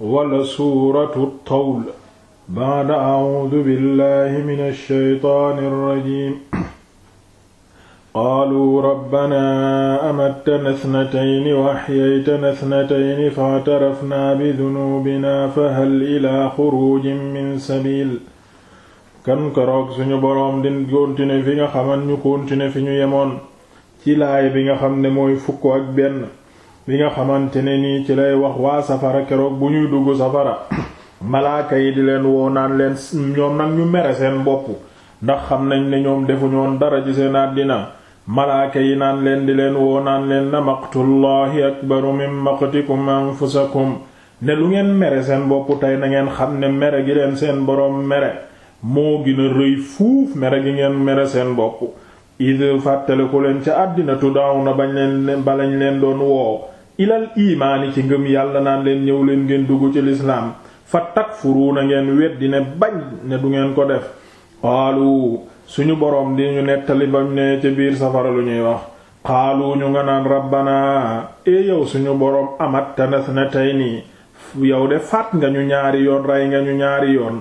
wala suuratu tawl baada acuudu billahi min alsheytaan alrajim qaaluu rabbana amattana snatayni wa axyaytana snatayni factarafnaa bidunuubina fahal ilaa xuruujin min sabiil kan koroog suñu boroom di kontine fi nga xaman ñu kontine fi ñu yemoon ci laay bi nga xam ne mooy fukk ak benn bi nga xamante ne nii ci lay wax waa safara keroog bu ñuy dugg safara malaaka yi di leen woo naan leen ñoom nag ñu mere seen bopp ndax xam nañ ne ñoom defu ñoon dara ci seen àddina malaaka yi naan leen di leen woo naan leen na la maqtullahi akbaru min maqtikum anfusakum ne lu ngeen mere seen bopp tey na ngeen xam ne mere gi leen seen borom mere moo gën a rëy fuuf mere gi ngeen mere seen bopp id fàttaliku leen ca àddina tuddaw na bañ leen balañ leen doon woo ilal imaani ci ngëm yàlla naan leen ñëw leen ngeen dugg ci lislaam fa takfuruuna ngeen weddi ne bañ ne du ngeen ko def qaalu suñu boroom di ñu nettali bañ ne ca biir safara lu ñuy wax xaalu ñu nga naan rabbana e yow suñu boroom amat tanas na tey nii yow de faat nga ñu ñaari yoon rey nga ñu ñaari yoon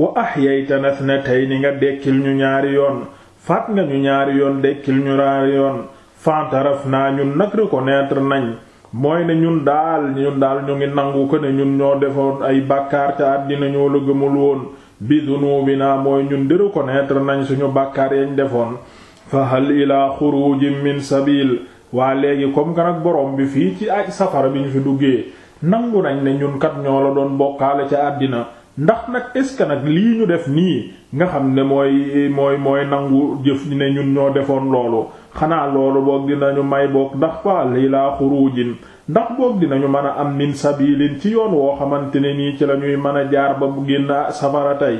wa ahyay tanas na tey ni nga dekkil ñu ñaari yoon faat nga ñu ñaari yoon dekkil ñu ñaari yoon fantaraf naa ñun nag reconnaître nañ mooy ne ñun daal ñun daal ñu ngi nangu ko ne ñun ñoo defoon ay bàkkaar ca àddina ñoo la gëmul woon bi dunubina mooy ñun di reconnaître nañ suñu bàkkaar yañ defoon fa hal ilaa xurujin min sabil waa léegi comme que nag borom bi fii ci aj safara bi ñu fi duggee nangu nañ ne ñun kat ñoo la doon bokkaale ca àddina ndax nag est-ce que nag lii ñu def nii nga xam ne mooy mooy mooy nangu jëf ne ñun ñoo defoon loolu xanaa loolu boog dinañu may boog ndax fa hal ilaa xurujin ndax boog dinañu mën a am min sabilin ci yoon woo xamante ne nii ci lañuy mën a jaar ba bu génn safara tey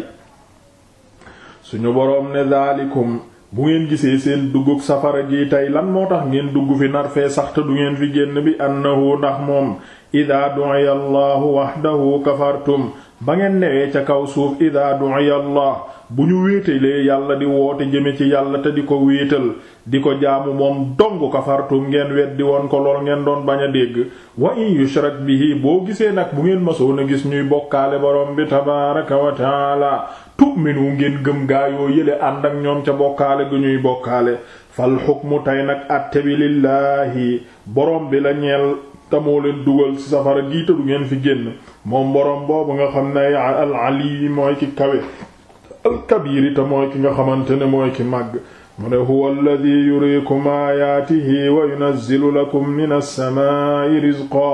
suñu boroom ne daalikum bu ngeen gisee seen duggug safara ji tey lan moo tax ngeen dugg fi nar fee sax te du ngeen fi génn bi annahu ndax moom ida du'iya allahu wahdahu kafartum ba ngeen newee ca kaw suuf ida du'iya allah bu ñu wéetalee yàlla di woote jëme ci yàlla te di ko wéetal di ko jaamu moom dong kafartum ngeen weddi wan ko lool ngeen doon bañ a dégg wa in bi bihi boo gisee nag bu ngeen masoon a gis ñuy bokkaale boroom bi tabaaraka wa taala wu ngeen gëm gaayoo yële ànd ak ñoom ca bokkaale gu ñuy bokkaale fal mu tey nag àtte bi lillaahi boroom bi la ñeel te moo leen dugal ci safara giita du ngeen fi génn moom borom boobu nga xam ne al alkabiiri te mooy ki nga xamante ne mooy ki màgg mu ne huwa alladi yuriikum aayaatihi wa yunazzilu lakum min as-samaa'i rizqa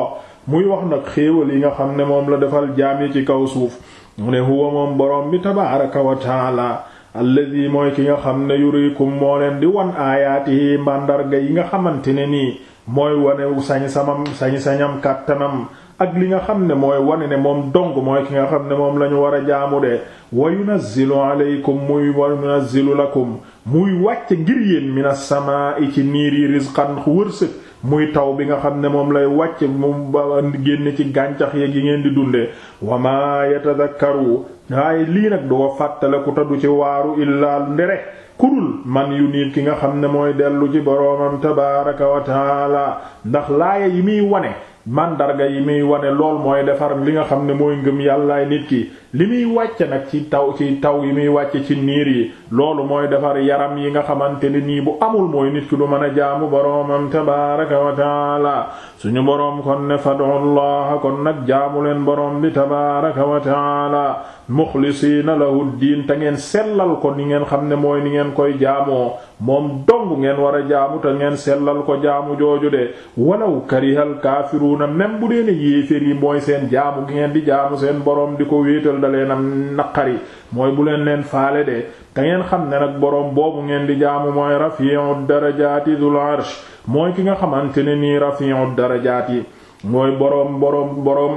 muy wax nag xéewal yi nga xam ne moom la defal jaam ci kaw suuf mu ne huwa moom boroom bi tabaaraka wa taala alladi mooy ki nga xam ne yuriikum moo leen di wan aayaatihi màndarga yi nga xamante ne nii mooy wane sañ samam sañ-sañam kàttanam ak li nga xam ne mooy wane ne moom dong mooy ki nga xam ne moom la ñu war a jaamu de wa yunazzilu aleykum muy wa yunazzilu lakum muy wàcc ngir yéen minas samaa'i ci niir yi rizqan wërsëg muy taw bi nga xam ne moom lay wàcc moom ba génn ci gàncax yeeg gi ngeen di dundee wa maa yatadakkaru waaye lii nag du ko fàttale ku te du ci waaru illaa ndere kurul man yu niit ki nga xam ne mooy dellu ci boroomam tabaaraka wa ndax laaya yi muy wane mandarga yi muy wane lool mooy defar li nga xam ne mooy ngëm yàllaay nit ki li muy wàcce nag ci taw ci taw yi muy wàcce ci niir yi loolu mooy defar yaram yi nga xamante ne nii bu amul mooy nit ki du mën a jaamu boroomam tabaraka wa taala suñu boroom kon ne fadu llaha kon nag jaamu leen borom bi tabaraka wa taala muxlisiina lahu diin ta ngeen sellal ko ni ngeen xam ne mooy ni ngeen koy jaamoo moom dong ngeen war a jaamu te ngeen sellal ko jaamu jooju de walaw karihal kaafiruuna même bu dee deen yéefér yi mooy seen jaamu gi ngeen di jaamu seen boroom di ko wéetal xel da leen am naqari mooy bu leen leen faale de te ngeen xam ne nag boroom boobu ngeen di jaamu mooy rafi'u darajaati du arsh mooy ki nga xamante ne nii rafi'u darajaati mooy boroom boroom boroom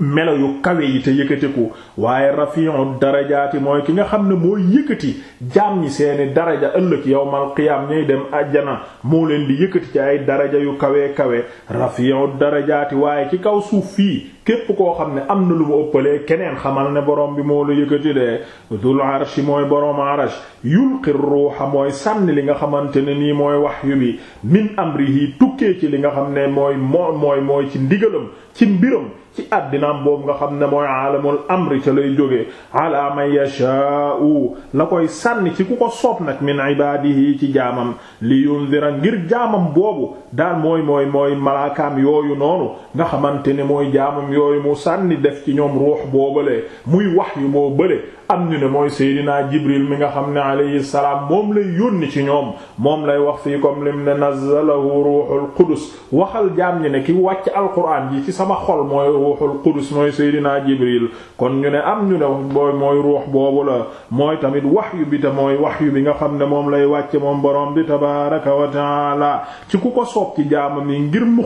melo yu kawe yi te yëkkatiku waaye rafi'u darajaati mooy ki nga xam ne mooy yëkkati jaam ñi seeni daraja ëllëg yawmal qiyaam ñuy dem àjjana moo leen di yëkkati ci ay daraja yu kawe kawe rafi'u darajaati waaye ci kaw suuf fii képp koo xam ne am na lu ma ëppalee keneen xamal ne borom bi moo la yëkkati de dul arshi mooy borom arsh yulqi ruuxa mooy sànni li nga xamante ne nii mooy wahyu bi min amrihi tukkee ci li nga xam ne mooy moo mooy mooy ci ndigalam ci mbiram ci àddinaam boobu nga xam ne mooy aalamul amri ca lay jógee ala man yashaa'u la koy sànni ci ku ko soob nag min ibaadihi ci jaamam li yundira ngir jaamam boobu daal mooy mooy mooy malaakaam yooyu noonu nga xamante yooyu mu sànni def ci ñoom ruux boobale muy wax yu boo bële am ñu ne mooy Seydina Jibril mi nga xam ne alayhi salaam moom lay yónni ci ñoom moom lay wax fii comme lim ne nazzalahu ruuxul qudus waxal jaam ñi ne ki wàcc alquran ji ci sama xol mooy ruuxul qudus mooy Seydina Jibril kon ñu ne am ñu ne mooy ruux boobu la mooy tamit waxyu bi te mooy waxyu bi nga xam ne moom lay wàcce moom boroom bi tabaaraka wa taala ci ku ko soob ci jaamam yi ngir mu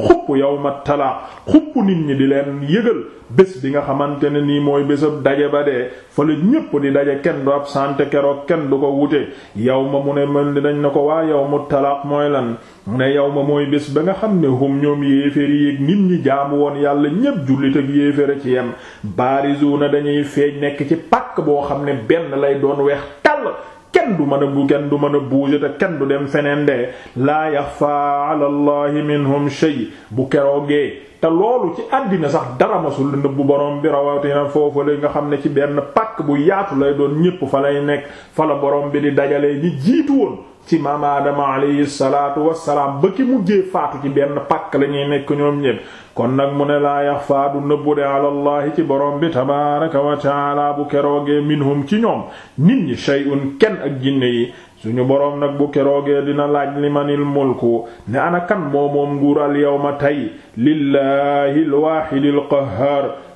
yëgal bés bi nga xamante ne nii mooy bésab daje ba dee fa la ñépp di daje kenn du absente keroog kenn du ko wute yow ma mu ne mën di dañ na ko waa yow mu talaq mooy lan mu ne yow ma mooy bés ba nga xam ne hum ñoom yéeféer yéeg nit ñi jaamu woon yàlla ñépp jullit ak yéeféer a ci yem baarizu na dañuy feeñ nekk ci pàkk boo xam ne benn lay doon weex tàll kenn du mën a bu kenn du mën a bouger te kenn du dem feneen de laa yaxfaa ala allahi minhum shay bu keroogee te loolu ci àddina sax dara masul nëbbu borom bi rawatina foofu la nga xam ne ci benn pàkk bu yaatu lay doon ñépp fa lay nekk fa la borom bi di dajalee ñi jiitu woon ci maam aadama alayhi wa salaam ba ki mujjee faatu ci benn pàkk la ñuy nekk ñoom ñépp kon nag mu ne laa yaxfaa nëbbu de alallahi ci borom bi tabaaraka wa taala bu keroogee minhum ci ñoom nit ñi shay'un kenn ak jinne yi suñu boroom nag bu keroogee dina laaj limanil mulku ne ana kan moo moom nguur al tey lillahi al waahidil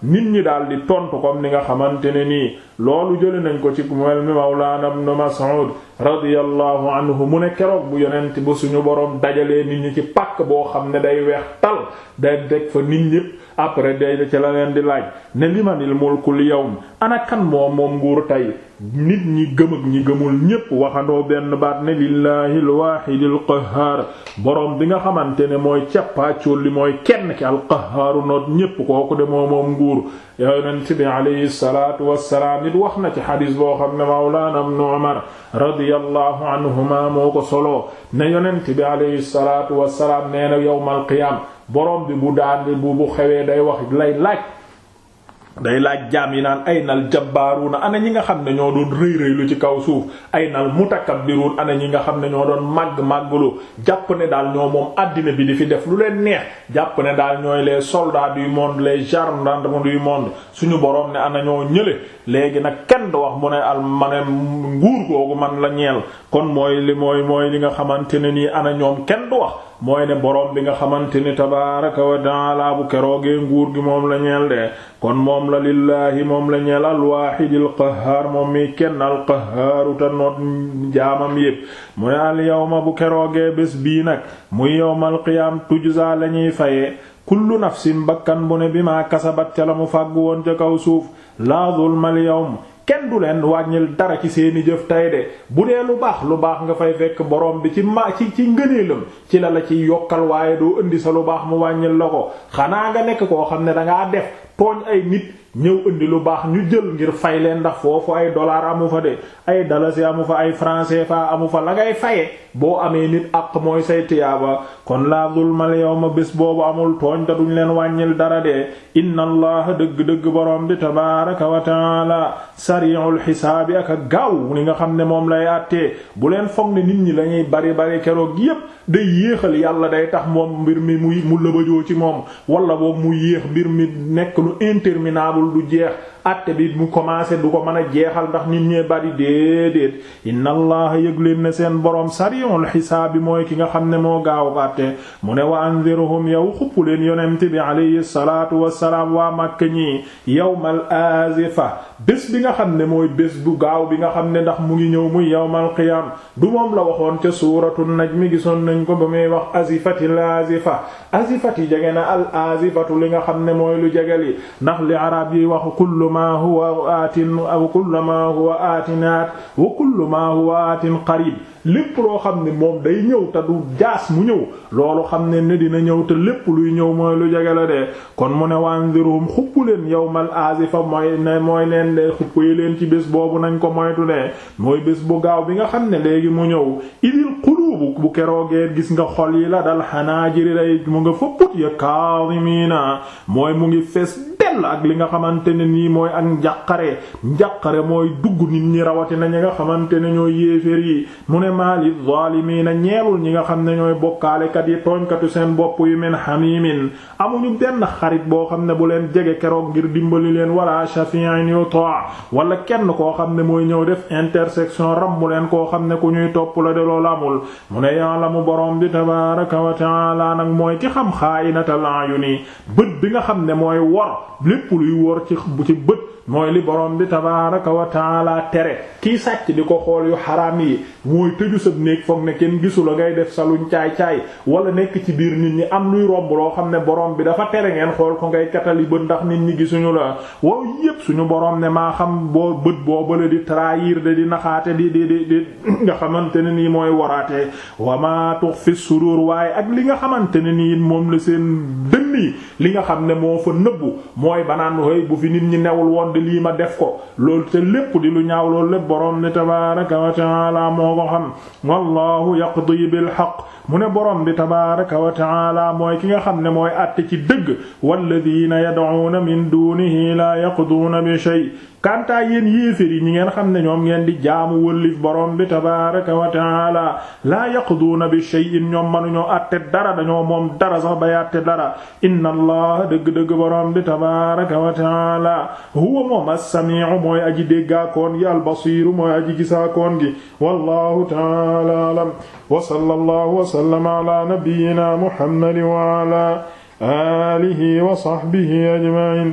nit ñi daal di tontu comme ni nga xamante ne nii loolu jële nañ ko ci mel mi mawlaana ibn Mas'ud radiyallahu anhu mu ne keroog bu yonent ba suñu boroom dajalee nit ñi ci pàkk boo xam ne day weex tal day deg fa nit ñépp après day da ci la leen di laaj ne limanil mulkul yawm ana kan moom moom nguur tey nit ñi gëm ak ñi gëmul ñépp waxandoo benn baat ne lillahi alwaahidil qahhaar boroom bi nga xamante ne mooy cappaacool li mooy kenn ki al qahhaaru noot ñépp de Zuhur yonent bi alayhi salaatu wassalaam it wax na ci xadis boo xam ne mawlaana ibn Umar radiyallahu anhuma moo ko solo ne yonent bi alayhi salaatu wassalaam nee na yawmal qiyaam borom bi bu daan bu bu xewee day wax lay laaj. day laaj jaam yi naan ay nal na ana ñi nga xam ne ñoo doon rëy rëy lu ci kaw suuf ay nal mutakabbiruun ana ñi nga xam ne ñoo doon màgg màgguloo jàpp ne daal ñoo moom àddina bi di fi def lu leen neex jàpp ne daal ñooy les soldats du monde les gendarmes duy monde suñu boroom ne ana ñoo ñële léegi nag kenn du wax mu ne al mane nguur googu man la ñeel kon mooy li mooy mooy li nga xamante ne nii ana ñoom kenn du wax mooy ne boroom bi nga xamante ni tabaaraka wa taala bu keroogee nguur gi moom la ñeel de kon moom la lillaahi moom la ñeel alwaahidil qahhaar moom mi kenn alqahhaaru te noot jaamam yépp mu ne al bu keroogee bés bii nag muy yawmal qiyaam tujzaa lañuy faye kullu nafsin bakkan bu ne bi maa kasabat ca la mu fàgg woon ca kaw suuf laa zulmal yawm kenn du leen wàññil dara ci seeni jëf tay de bu dee lu baax lu baax nga fay fekk borom bi ci ma ci ci ngëneelam ci la la ciy yokkal waaye doo indi sa lu baax mu wàññil la ko xanaa nga nekk koo xam ne dangaa def tooñ ay nit ñëw indi lu baax ñu jël ngir fay leen ndax foofu ay dollar amu fa de ay dalasi amu fa ay franc CFA amu fa la ngay faye boo amee nit ak mooy say tiyaaba kon laa zulmal ma bés boobu amul tooñ te duñ leen wàññil dara de inna allah dëgg-dëgg borom bi tabaaraka wa taala sari'ul xisaabi ak a gaaw li nga xam ne moom lay àttee bu leen foog ne nit ñi lañuy bari bari keroog yépp day yéexal yàlla day tax moom mbir mi muy mu lëbëjoo ci moom mbir mi nekk lu interminable du jeex àtte bi mu commencé du ko mën a jeexal ndax nit ñee bari déedéet inna allaha yëg leen ne seen boroom sariul xisaab bi mooy ki nga xam ne moo gaaw àtte mu ne waa anzirhum yow xuppu leen yonent bi alayhi salaatu wassalaam waa màkk ñi yawmal azifa bés bi nga xam ne mooy bés bu gaaw bi nga xam ne ndax mu ngi ñëw muy yawmal qiyaam du moom la waxoon ca suuratu mi gisoon nañ ko ba muy wax azifatil azifa azifati jege na al azifatu li nga xam ne mooy lu jegeli ndax yi wax ma huwa atin aw kullu ma huwa atinat wa kullu ma huwa atin qarib lépp loo xam ne moom day ñëw te du jaas mu ñëw loolu xam ne ni dina ñëw te lépp luy ñëw mooy lu jege la de kon mu ne wanzirum xuppu leen yawmal azifa mooy ne mooy leen de xuppuyi leen ci bés boobu nañ ko moytu de mooy bés bu gaaw bi nga xam ne léegi mu ñëw idil qulubu bu keroogee gis nga xol yi la dal xanaajiri day mu nga fa ya kaadimiina mooy mu ngi fees teel ak li nga xamante ne nii mooy ak njàqare njàqare mooy dugg nit ñi rawatina ñi nga xamante ne ñooy yéeféer yi mu ne maali zaalimiina ñeerul ñi nga xam ne ñooy bokkaalekat yi tooñkatu seen bopp yu min hamimin amuñu benn xarit boo xam ne bu leen jege keroog ngir dimbali leen wala shafi'in yuta wala kenn koo xam ne mooy ñëw def intersection rambu leen koo xam ne ku ñuy topp la de loolu amul mu ne ya'lamu borom bi tabaaraka wa ta'aala nag mooy ki xam xaa'inatal bët bi nga xam ne mooy lépp luy wor ci bu ci bët mooy li borom bi tabaaraka wa taala tere kii sàcc di ko xool yu xaraam yi mooy tëju sab néeg foog ne kenn gisula ngay def saluñ caay-caay wala nekk ci biir nit ñi am luy romb loo xam ne borom bi dafa tere ngeen xool ko ngay katali bët ndax nit ñi gisuñu la wow yépp suñu borom ne maa xam boo bët boobale di trahir de di naxaate di di di nga xamante ne nii mooy waraate wa ma tux sudur waaye ak li nga xamante ne nii moom la seen dënn li nga xam ne moo fa nëbbu mooy banaan hëy bu fi nit ñi newul woon di lii ma def ko loolu te lépp di lu ñaaw loolu lépp boroom ni tabaraka wa taala moo ko xam wallahu yaqdi bil haqq mu ne borom bi tabaraka wa taala mooy ki nga xam ne mooy àtte ci dëgg walladina yad'una min dunihi la yaqduna bi shay kantaa yéen yéefér yi ñi ngeen xam ne ñoom ngeen di jaamu wëllif borom bi tabaraka wa taala laa yaqduuna bi shay'in ñoom manuñoo àtte dara dañoo moom dara sax bay àtte dara inna allah dëgg-dëgg borom bi tabaraka wa taala huwa moom as-sami'u mooy aji déggaakoon gi al-basiiru mooy aji gisaakoon gi wallahu taala alam wa sallallahu wa sallama ala nabiyyina muhammadin wa ala wa sahbihi ajma'in